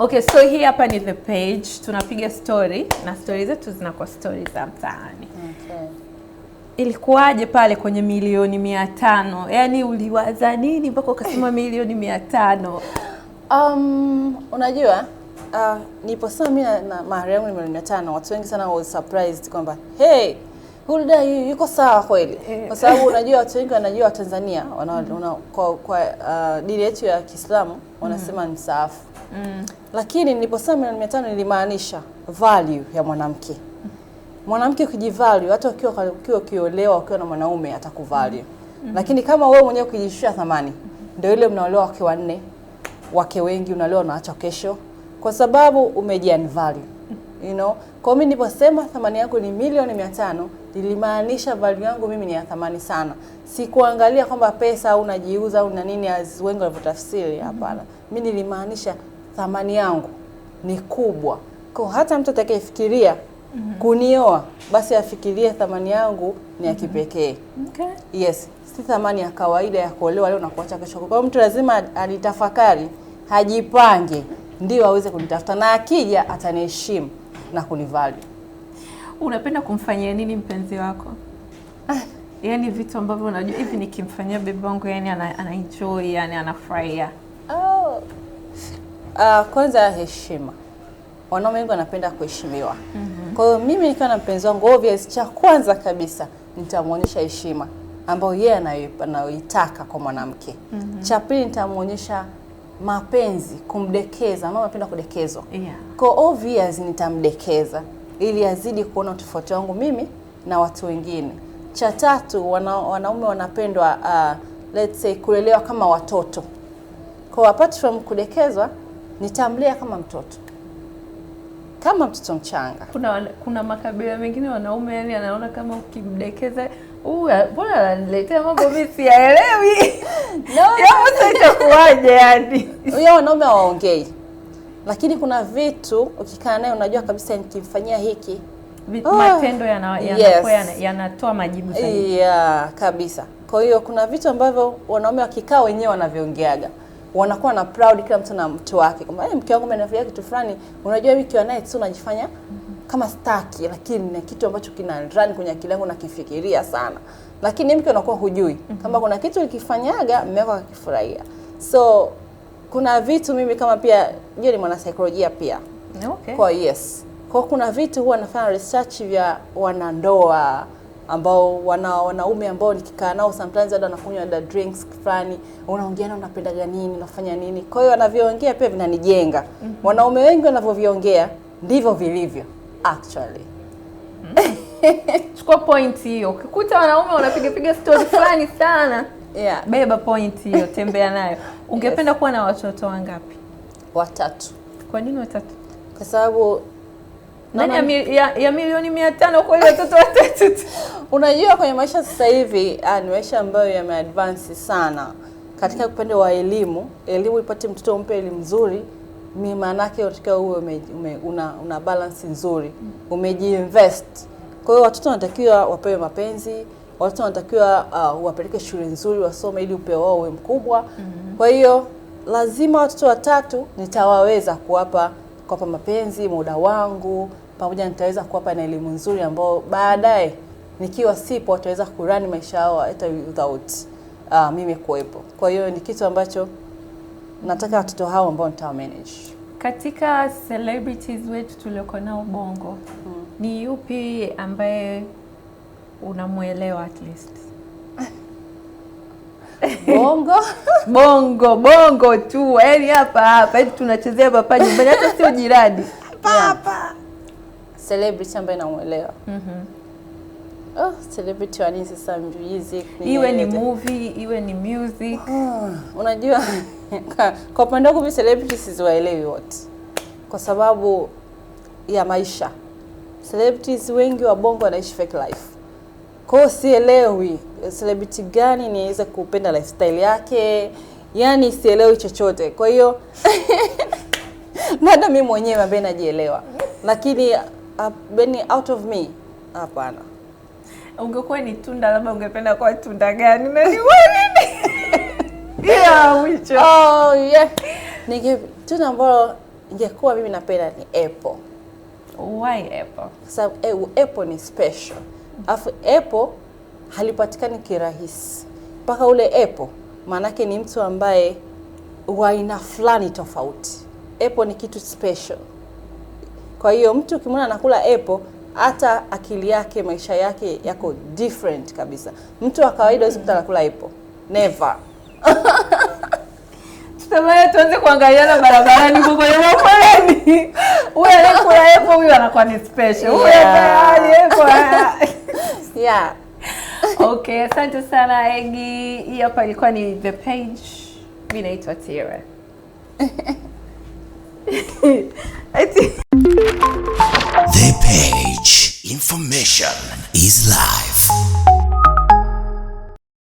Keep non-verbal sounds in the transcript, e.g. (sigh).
Okay, so hii hapa ni the page, tunapiga story na story zetu zinakuwa story za mtaani. Okay. Ilikuwaje pale kwenye milioni mia tano? Yaani uliwaza nini mpaka ukasema milioni mia tano? Um, unajua uh, niliposema mimi na mahari yangu ni milioni mia tano, watu wengi sana was surprised kwamba hey, Hulda yuko sawa kweli, eh. kwa sababu unajua watu wengi wanajua Watanzania wana, mm -hmm. kwa, kwa uh, dini yetu ya Kiislamu wanasema mm -hmm. ni msaafu mm. Lakini niliposema milioni mia tano nilimaanisha value ya mwanamke. Mwanamke ukijivalue, hata ukiwa ukiwa ukiolewa ukiwa na mwanaume atakuvalue mm -hmm. Lakini kama wewe mwenyewe ukijishusha thamani, ndio ile mnaolewa wake wanne, wake wengi, unalewa unaacha kesho, kwa sababu value you know. Kwa mimi niliposema thamani yangu ni milioni mia tano nilimaanisha value yangu mimi ni ya thamani sana, sikuangalia kwamba pesa au unajiuza au na nini, as wengi walivyotafsiri, Hapana, mm -hmm. mimi nilimaanisha thamani yangu ni kubwa, kwa hata mtu atakayefikiria mm -hmm. kunioa basi afikirie thamani yangu ni ya kipekee. Okay. Yes, si thamani ya kawaida ya kuolewa leo na kuacha kesho. Kwa mtu lazima alitafakari, hajipange, ndio aweze kunitafuta na akija ataniheshimu na kunivalue. Unapenda kumfanyia nini mpenzi wako? Ah. Yaani vitu ambavyo unajua hivi nikimfanyia bebe wangu yani ana, ana enjoy yani anafurahia Uh, kwanza heshima, wanaume wengi wanapenda kuheshimiwa. mm -hmm. Kwa hiyo mimi nikiwa na mpenzi wangu, obvious cha kwanza kabisa nitamwonyesha heshima ambayo yeye anayoitaka kwa mwanamke. mm -hmm. Cha pili nitamwonyesha mapenzi, kumdekeza. Mama anapenda kudekezwa. yeah. Kwa obvious nitamdekeza ili azidi kuona tofauti wangu mimi na watu wengine. Cha tatu, wana, wanaume wanapendwa uh, let's say kulelewa kama watoto. Kwa apart from kudekezwa nitamlea kama mtoto kama mtoto mchanga. Kuna, kuna makabila mengine wanaume yani anaona kama ukimdekeza mbona ananiletea mambo mimi siyaelewi, (laughs) itakuwaje? Yani (laughs) huyo wanaume hawaongei, lakini kuna vitu ukikaa naye unajua kabisa nikimfanyia hiki oh, matendo yanatoa yes, majibu sahihi yeah, kabisa. Kwa hiyo kuna vitu ambavyo wanaume wakikaa wenyewe wanavyoongeaga wanakuwa na proud, kila mtu na mtu wake, kwamba hey, eh, mke wangu amenifanyia kitu fulani. Unajua mimi kiwa naye tu unajifanya kama staki, lakini ni kitu ambacho kina run kwenye akili yangu nakifikiria sana, lakini mke unakuwa hujui mm -hmm. kama kuna kitu ukifanyaga mume wako akifurahia. So kuna vitu mimi kama pia yeye ni mwanasaikolojia pia okay. kwa yes kwa kuna vitu huwa nafanya research vya wanandoa mm ambao wana wanaume ambao nikikaa nao sometimes hata wanakunywa da drinks fulani, unaongea nao, unapendaga nini, unafanya nini. Kwa hiyo wanavyoongea pia vinanijenga. mm -hmm. Wanaume wengi wanavyoviongea ndivyo vilivyo actually. mm -hmm. (laughs) Chukua point hiyo, ukikuta wanaume wanapigapiga story fulani sana yeah. Beba point hiyo, tembea nayo. Ungependa yes. kuwa na watoto wangapi? Watatu. Kwa nini watatu? Kwa sababu nani ya, mi, ya, ya milioni mia tano kwa hiyo watoto watatu tu. (laughs) Unajua, kwenye maisha sasa hivi ah, ni maisha ambayo yameadvance sana katika upande wa elimu. Elimu ipate mtoto umpe elimu nzuri, ni maana yake unatakiwa uwe una, una balance nzuri, mm. umejiinvest. Kwa hiyo watoto wanatakiwa wapewe mapenzi, watoto wanatakiwa uh, wapeleke shule nzuri wasome, ili upeo wao uwe mkubwa. Mm-hmm. Kwa hiyo lazima watoto watatu nitawaweza kuwapa kuwapa mapenzi, muda wangu pamoja, nitaweza kuwapa na elimu nzuri ambayo baadaye nikiwa sipo wataweza kurani maisha yao hata without uh, mimi kuwepo. Kwa hiyo ni kitu ambacho nataka watoto hao ambao nitawa manage. Katika celebrities wetu tulioko nao Bongo, hmm. ni yupi ambaye unamwelewa at least? bongo bongo bongo tu, yaani hapa hapa eti yaani tunachezea papa nyumbani, hata sio jirani papa yeah. Celebrity ambaye namuelewa mm -hmm. Oh, celebrity wani sasa, music iwe ni movie iwe ni music oh, unajua (laughs) kwa upande wangu mimi celebrity siziwaelewi wote kwa sababu ya maisha. Celebrities wengi wa bongo wanaishi fake life, kwa hiyo sielewi celebrity gani niweze kupenda lifestyle yake, yani sielewi chochote. Kwa hiyo mada (laughs) mimi mwenyewe ambaye najielewa, lakini uh, beni out of me hapana. Ungekuwa ni tunda, labda ungependa kuwa tunda gani? (laughs) yeah, oh, yeah. Ninge tunda ambalo ingekuwa mimi napenda ni apple. Why apple? Kwa sababu eh, apple ni special, alafu apple halipatikani kirahisi mpaka ule epo, maanake ni mtu ambaye wa aina fulani tofauti. Epo ni kitu special. Kwa hiyo mtu ukimwona anakula epo, hata akili yake, maisha yake yako different kabisa. Mtu wa kawaida hawezi kuta anakula epo, never. Tutabaya (laughs) tuanze kuangaliana barabarani kwa kwenye foleni. (laughs) Wewe anakula epo, huyu anakuwa ni special. Wewe tayari epo. Eh. (laughs) Yeah. (laughs) Okay, asante sana Egi. Hii hapa ilikuwa ni the page. Mimi naitwa Tira. (laughs) The page. Information is life.